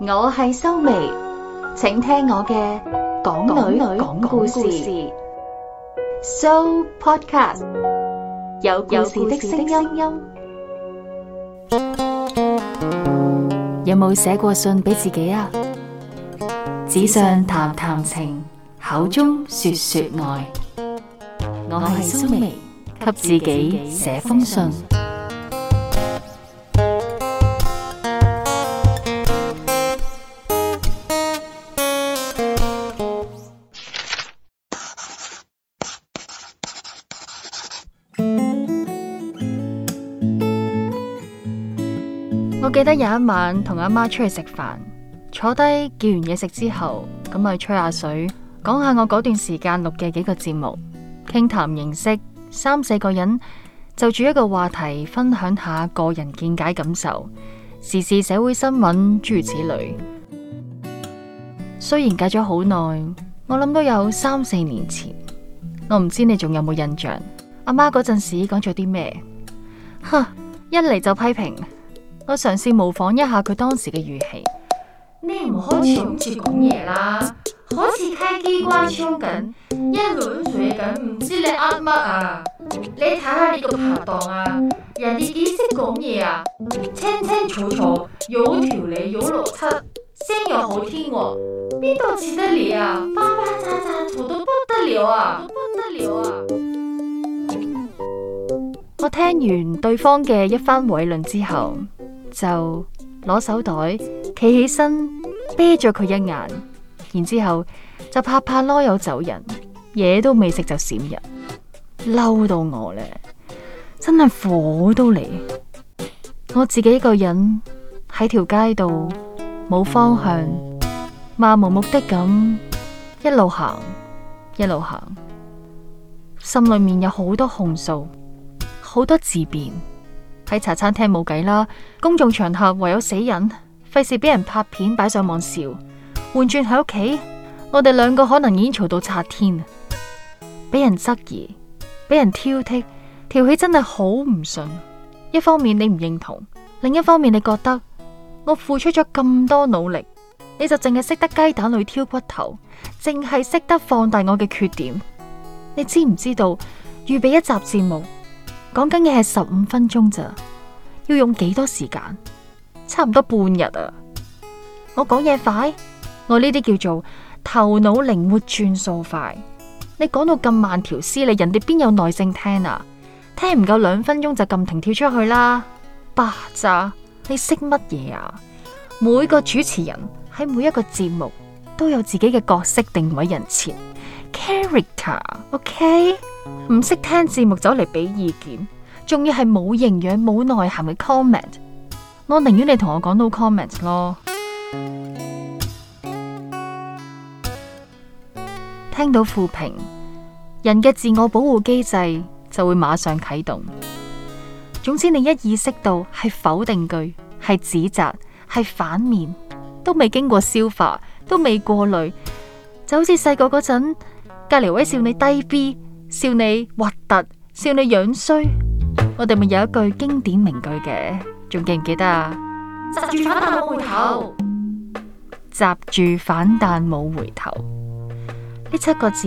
我係蘇眉，請聽我嘅講女女講故事。So podcast 有故事的聲音。有冇寫過信俾自己啊？紙上談談情，口中說說愛。我係蘇眉，給自己寫封信。我記得有一晚同阿媽出去食飯，坐低叫完嘢食之後，咁咪吹下水，講下我嗰段時間錄嘅幾個節目，傾談形式，三四個人，就住一個話題分享下個人見解感受，時事社會新聞諸如此類。雖然隔咗好耐，我諗都有三四年前，我唔知你仲有冇印象。阿媽嗰陣時講咗啲咩？哼，一嚟就批評。我嘗試模仿一下佢當時嘅語氣。你唔可以唔接講嘢啦，好似聽機關槍緊，一輪嘴噉，唔知你噏乜啊！你睇下你個拍檔啊，人哋幾識講嘢啊，清清楚楚，有條理有邏輯，聲又好聽喎，邊度似得你啊？巴巴喳喳吵到不得了啊！不得了啊！我聽完對方嘅一番偉論之後。就攞手袋，企起身，啤咗佢一眼，然之後就拍拍囉柚走人，嘢都未食就閃人，嬲到我咧，真係火都嚟。我自己一個人喺條街度，冇方向，漫無目的咁一路行，一路行，心裏面有好多控訴，好多自辯。喺茶餐廳冇計啦，公眾場合唯有死忍，費事俾人拍片擺上網笑。換轉喺屋企，我哋兩個可能已經嘈到拆天，俾人質疑，俾人挑剔，條氣真係好唔順。一方面你唔認同，另一方面你覺得我付出咗咁多努力，你就淨係識得雞蛋裏挑骨頭，淨係識得放大我嘅缺點。你知唔知道預備一集節目？講緊嘅係十五分鐘咋，要用幾多時間？差唔多半日啊！我講嘢快，我呢啲叫做頭腦靈活，轉數快。你講到咁慢條斯理，人哋邊有耐性聽啊？聽唔夠兩分鐘就撳停跳出去啦！巴喳，你識乜嘢啊？每個主持人喺每一個節目都有自己嘅角色定位人設，character，ok，Okay? 唔識聽字幕，走嚟俾意見，仲要係冇營養、冇內涵嘅 comment。我寧願你同我講 no comment 咯。聽到負評，人嘅自我保護機制就會馬上啟動。總之，你一意識到係否定句、係指責、係反面，都未經過消化，都未過濾，就好似細個嗰陣隔籬位笑你低 B。笑你核突，笑你樣衰， 我哋咪有一句經典名句嘅，仲記唔記得啊？黐住反彈冇回頭，黐住反彈冇回頭，呢七個字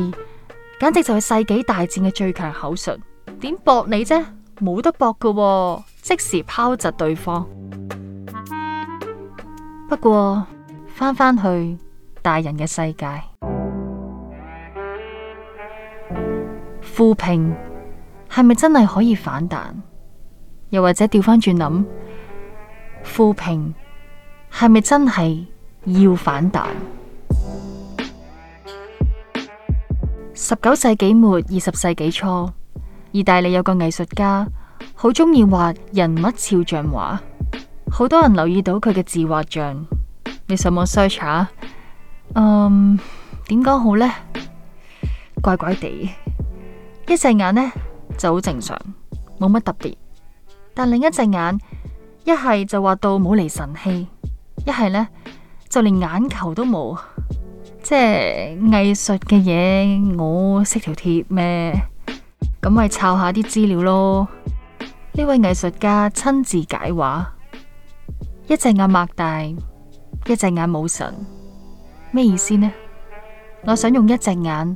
簡直就係世紀大戰嘅最強口唇。點駁你啫？冇得駁嘅，即時拋窒對方。 不過翻返去大人嘅世界。負評係咪真係可以反彈？又或者調翻轉諗，負評係咪真係要反彈？十九 世紀末二十世紀初，意大利有個藝術家好鍾意畫人物肖像畫，好多人留意到佢嘅自畫像。你上網 search 下，嗯，點講好呢？怪怪地。一隻眼呢就好正常，冇乜特別，但另一隻眼一係就畫到冇厘神氣，一係呢就連眼球都冇。即係藝術嘅嘢，我識條鐵咩？咁咪抄下啲資料咯。呢位藝術家親自解畫：一隻眼擘大，一隻眼冇神，咩意思呢？我想用一隻眼。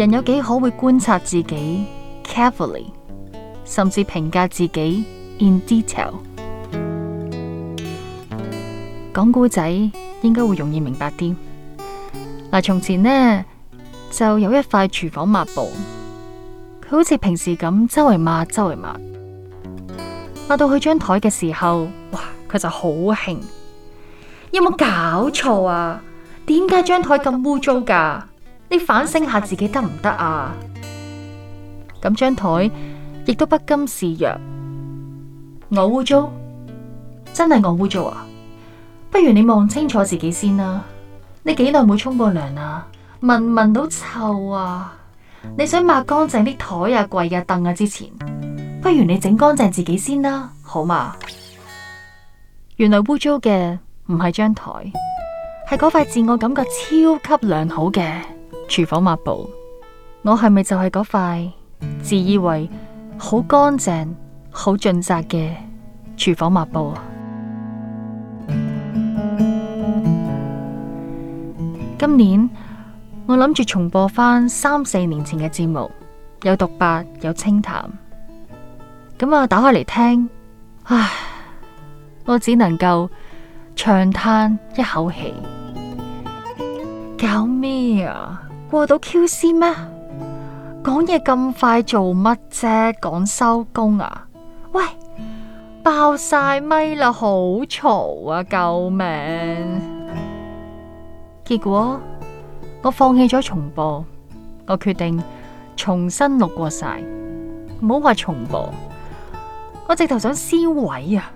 人有幾可會觀察自己 carefully 甚至評價自己 in detail。講古仔應該會容易明白啲。嗱，從前呢就有一塊廚房抹布，佢好似平時咁周圍抹周圍抹，抹到去張檯嘅時候，哇！佢就好興，有冇搞錯啊？點解張檯咁污糟㗎？你反省下自己得唔得啊？咁張台亦都不甘示弱，我污糟真係我污糟啊！不如你望清楚自己先啦、啊。你幾耐冇沖過涼啊？聞唔聞到臭啊？你想抹乾淨啲台啊、櫃啊、凳啊之前，不如你整乾淨自己先啦、啊，好嘛？ 原來污糟嘅唔係張台，係嗰塊自我感覺超級良好嘅。廚房抹布，我係咪就係嗰塊自以為好乾淨、好盡責嘅廚房抹布啊？ 今年我諗住重播翻三四年前嘅節目，有獨白，有清談，咁啊打開嚟聽，唉，我只能夠長嘆一口氣，搞咩啊？過到 QC 咩？講嘢咁快做乜啫？講收工啊！喂，爆晒咪啦，好嘈啊！救命！結果我放棄咗重播，我決定重新錄過晒。唔好話重播，我直頭想銷毀啊！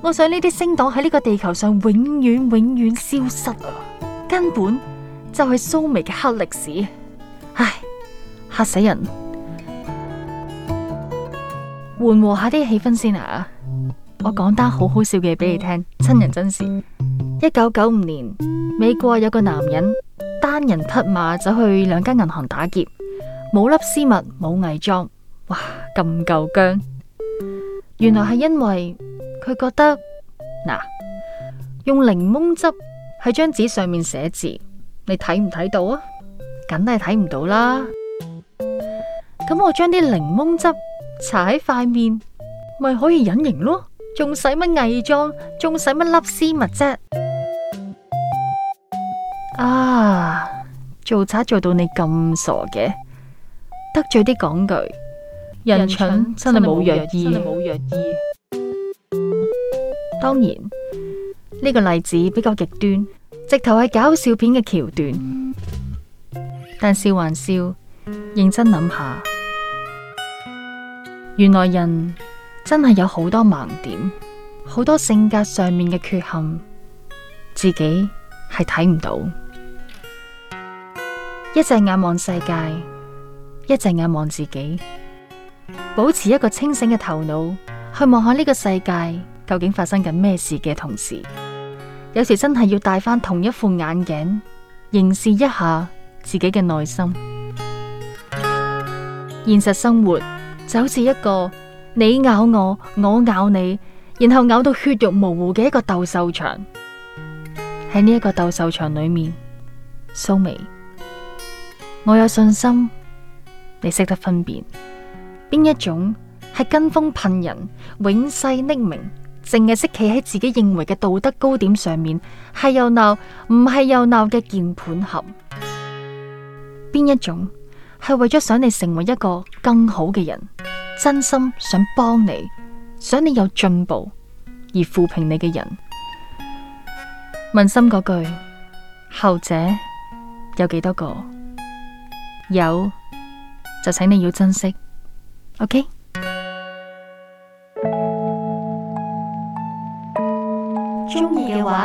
我想呢啲星島喺呢個地球上永遠永遠消失啊！根本。就係蘇眉嘅黑歷史，唉，嚇死人！緩和下啲氣氛先啊！我講單好好笑嘅嘢俾你聽，真人真事。一九九五年，美國有個男人單人匹馬走去兩間銀行打劫，冇粒絲襪，冇偽裝，哇咁夠薑。原來係因為佢覺得，嗱，用檸檬汁喺張紙上面寫字。你睇唔睇到啊？梗係睇唔到啦！咁我將啲檸檬汁搽喺塊面，咪 可以隱形咯？仲使乜偽裝？仲使乜笠絲襪啫？啊！做賊做到你咁傻嘅，得罪啲講句，人蠢群真係冇藥醫，真係冇藥醫。 當然呢、這個例子比較極端。直頭係搞笑片嘅橋段，但笑還笑，認真諗下，原來人真係有好多盲點，好多性格上面嘅缺陷，自己係睇唔到。一隻眼望世界，一隻眼望自己，保持一個清醒嘅頭腦去望下呢個世界究竟發生緊咩事嘅同時。有時真係要戴翻同一副眼鏡，認識一下自己嘅內心。現實生活就好似一個你咬我，我咬你，然後咬到血肉模糊嘅一個鬥獸場。喺呢一個鬥獸場裏面，蘇眉，我有信心，你識得分辨邊一種係跟風噴人，永世匿名。淨係識企喺自己認為嘅道德高點上面，係又鬧，唔係又鬧嘅鍵盤俠，邊一種係為咗想你成為一個更好嘅人，真心想幫你，想你有進步而負評你嘅人？問心嗰句，後者有幾多個？有就請你要珍惜。OK。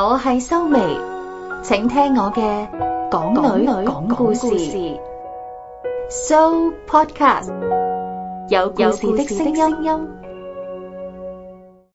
我係修眉，請聽我嘅港女講故事，So Podcast 有故事的聲音。